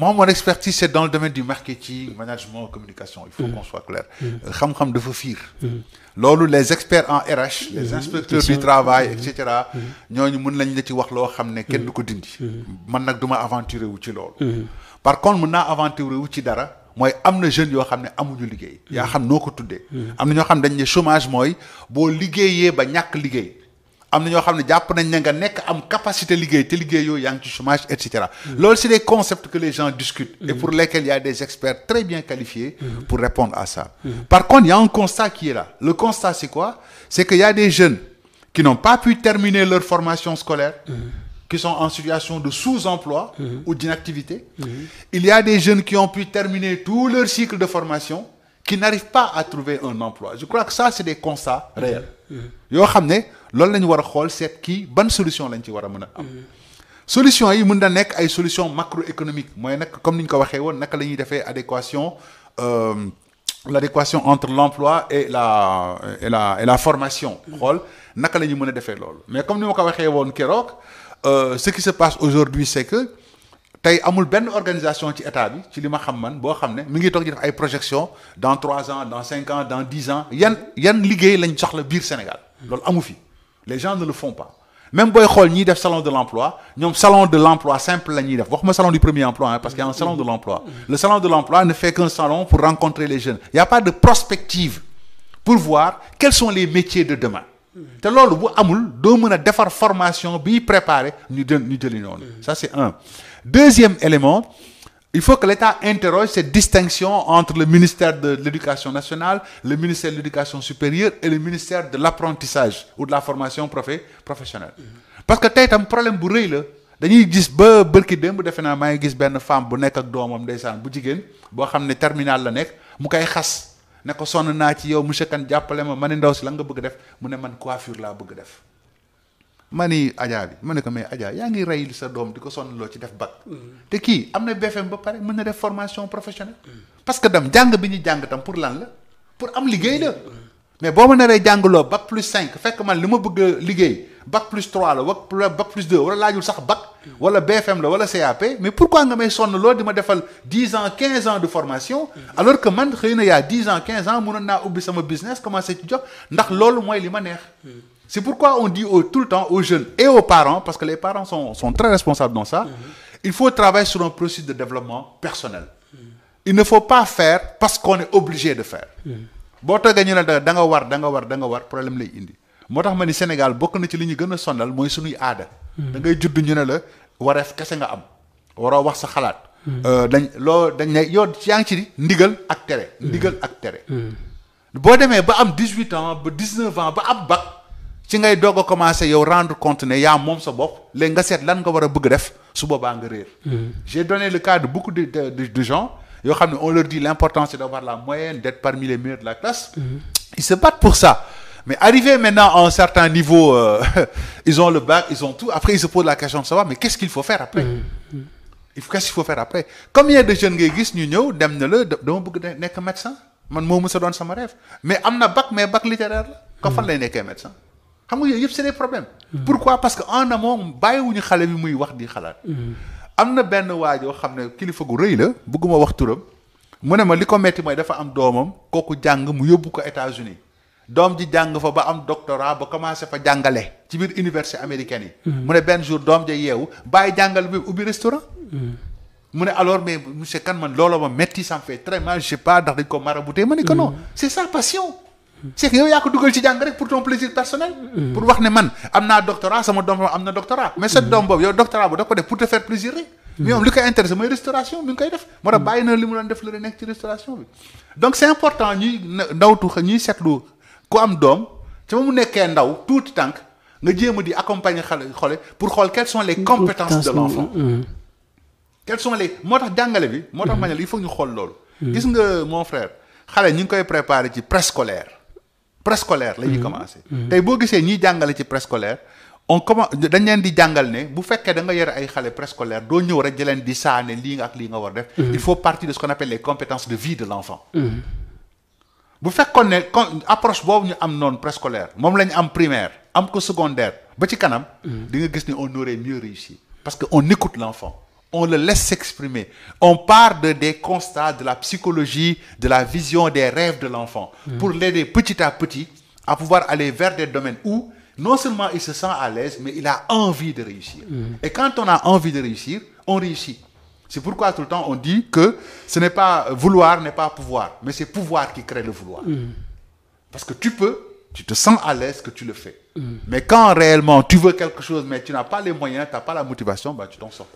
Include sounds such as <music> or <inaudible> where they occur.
moi mon expertise c'est dans le domaine du marketing management communication il faut mm. qu'on soit clair mm. xam-xam dafa fiir mm. loolu les experts en RH les inspecteurs du travail et cetera ñooñu mën nañ la ci wax loo xam ne kenn du ko dindi man nag duma ma wu ci loolu par contre mën naa aventuré wu ci dara mooy am na jeunes yoo xam ne amuñu liggéey yaa xam noo ko tuddee am na ñoo xam ne dañ ne chômage mooy boo liggéeyee ba ñàkk liggéey am na ñoo xam ne jàpp nañ ne nga nekk am capacité liggéey te liggéey yooyu yaa ngi ci chômage et cetera. Mm-hmm. loolu c'est des concepts que les gens discutent. et mm-hmm. pour lesquels il y a des experts très bien qualifiés. Mm-hmm. pour répondre à ça. par contre il y a un constat qui est là le constat c'est quoi que y a des jeunes qui n'ont pas pu terminer leur formation scolaire. qui sont en situation de sous-emploi. ou d'inactivité. il y a des jeunes qui ont pu terminer tout leur cycle de formation. qui n'arrivent pas à trouver un emploi je crois que ça c'est des constats réels mm-hmm. yoo xam ne loolu la ñu war a xool seet kii ban solution lañ ci war a mën a am mm-hmm. solution yi mun na nekk ay solution macroéconomique mooy nag comme ni ñu ko waxee woon naka la ñuy defee adéquation euh, l'adéquation entre l'emploi et la et la et la formation mm-hmm. xool naka la ñuy mën a defee loolu mais comme ni ma ko waxee woon keroog euh, ce qui se passe aujourd'hui c'est que tey amul benn organisation ci état bi ci li ma xam man boo xam ne mi ngi toog di def ay projection dans trois ans dans cinq ans dans dix ans yan yan liggéey lañ soxla biir Sénégal loolu amu fi les gens ne le font pas même booy xool ñiy def salon de l'emploi ñoom salon de l'emploi simple la ñuy def waxuma salon du premier emploi parce qu'il y a un salon de l'emploi le salon de l'emploi ne fait qu'un salon pour rencontrer les jeunes il pas de prospective pour voir quels sont les métiers de demain te loolu bu amul doo mën a defar formation biy préparer ñu jël ñu jëli noonu. Mm. ça c'est un deuxième élément. il faut que l'État interroge cette distinction entre le ministère de l'Éducation nationale, le ministère de l'Éducation supérieure et le ministère de l'apprentissage ou de la formation profe professionnelle. Mm-hmm. parce que tey tam problème bu rëy la dañuy gis ba bërki démb defe naa maa ngi gis benn femme bu nekk ak doomam ndeysaan bu jigéen boo xam ne terminal la nekk mu koy xas. ne ko sonn naa ci yow monsieur Kane jàppale ma ma ne ndaw si la nga bëgg def mu ne man coiffure laa bëgg def ma ni Adja ma ne ko mais Adja yaa ngi rey sa doom di ko sonn loo ci def bac mm-hmm. te kii am na BFM ba pare mën na def formation professionnelle mm-hmm. parce que dam jàng bi ñu jàng tam pour lan la pour am liggéey la mm-hmm. mais boo ma naree jàngloo bac plus cinq fekk man li ma bëgg liggéey bac plus 3 la wala bac plus 2 wala laajul sax bac wala BFM la wala CAP mais pourquoi nga may sonn loolu di ma defal 10 ans 15 ans de formation alors que man xëy na yaa 10 ans 15 ans a naa ubbi sama business commencé ci jox ndax loolu mooy li ma neex c'est pourquoi on dit tout le temps aux jeunes et aux parents parce que les parents sont sont très responsables dans ça il faut travailler sur un processus de développement personnel il ne parce qu'on est obligé de faire mm. boo ñu ne da nga war da nga war da nga war problème lay indi moo tax ma ni Sénégal bokk na ci li ñu gën a mooy suñuy aada. Hmm. da ngay judd ñu ne la wareef kese nga am waroo wax sa xalaat. Hmm. Euh, dañ loo dañ ne yow yaa ngi ci ndigal ak tere. Hmm. ndigal ak tere. boo demee ba am dix huit ans ba dix neuf ans ba ab bac ci ngay doog a commencé yow rendre compte ne yaa moom sa bopp léegi nga seet lan nga war a bëgg def su boobaa nga réer. j'ai donné le cas de beaucoup de de de yoo xam ne on leur dit l'importance c'est d'avoir la moyenne d'être parmi les meilleurs de la classe. pour ça. Mais arrivé maintenant à un certain niveau, euh, <laughs> ils ont le bac, ils ont tout. Après, ils se posent la question de savoir, mais qu'est-ce qu'il faut faire après mm, mm. il faut quest de jeunes ngay gis ñu ñëw dem na la dama bëgg nekk médecin man moo mës a doon sama rêve mais am na bac mais bac littéraire la. ko fan mm. lay nekkee médecin xam nga yooyu yëpp c'est des problèmes. pourquoi parce que en amont bàyyiwuñu xale bi muy wax di xalaat. am na benn waa joo xam ne kilifa gu rëy la bëgguma wax turam mu ne ma li ko metti mooy dafa am doomam kooku jàng mu yóbbu ko États-Unis doom ji jàng fa ba am doctorat ba commencé fa jàngale ci biir université américain yi mu ne benn jour doom ja yeewu bàyyi jàngal bi ubbi restaurant mu ne alors mais monsieur Kane man looloo ma métti ça me fait très mal je pas ndax dañ ko marabouté ma ne que non mm. c'est sa passion c'est que yow yaa ko dugal ci jàng rek pour ton plaisir personnel mm. pour wax ne man am naa doctorat sama doom am na doctorat mais sa mm. doom boobu yow doctorat bu da ko de pour te na li mu def la nekk ci restauration bi donc ñuy ndawtu ñuy ku am doom ca mu nekkee ndaw tuuti tànk nga jéem a di accompagner xale xole pour xool quelles sont les compétences de l'enfant mm. quelles sont les moo tax jàngale bi moo tax mm. ma ne il faut ñu xool loolu mm. gis nga mon frère xale ñu ngi koy préparer ci préscolaire préscolaire la ñuy commencer tey boo gisee ñiy jàngale ci préscolaire on commence dañ leen di jàngal ne bu fekkee da nga yore ay xale préscolaire doo ñëw rek di leen di saane lii nga ak lii nga war def de ce qu'on appelle bu fekkoon ne kon approche boobu ñu am noonu préscolaire moom la ñu am primaire am ko secondaire ba ci kanam. Mm. di nga gis ne on aurait mieux réussi parce que on écoute l'enfant on le laisse s'exprimer on part de des constats de la psychologie de la vision des rêves de l'enfant mmh. pour l'aider petit à petit à pouvoir aller vers des domaines où non seulement il se sent à l'aise mais il a envie de réussir mmh. et quand on a envie de réussir on réussit C'est pourquoi tout le temps on dit que ce n'est pas vouloir n'est pas pouvoir, mais c'est pouvoir qui crée le vouloir. Mmh. Parce que tu peux, tu te sens à l'aise que tu le fais. Mm. Mais quand réellement tu veux quelque chose, mais tu n'as pas les moyens, tu n'as pas la motivation, bah, tu t'en sors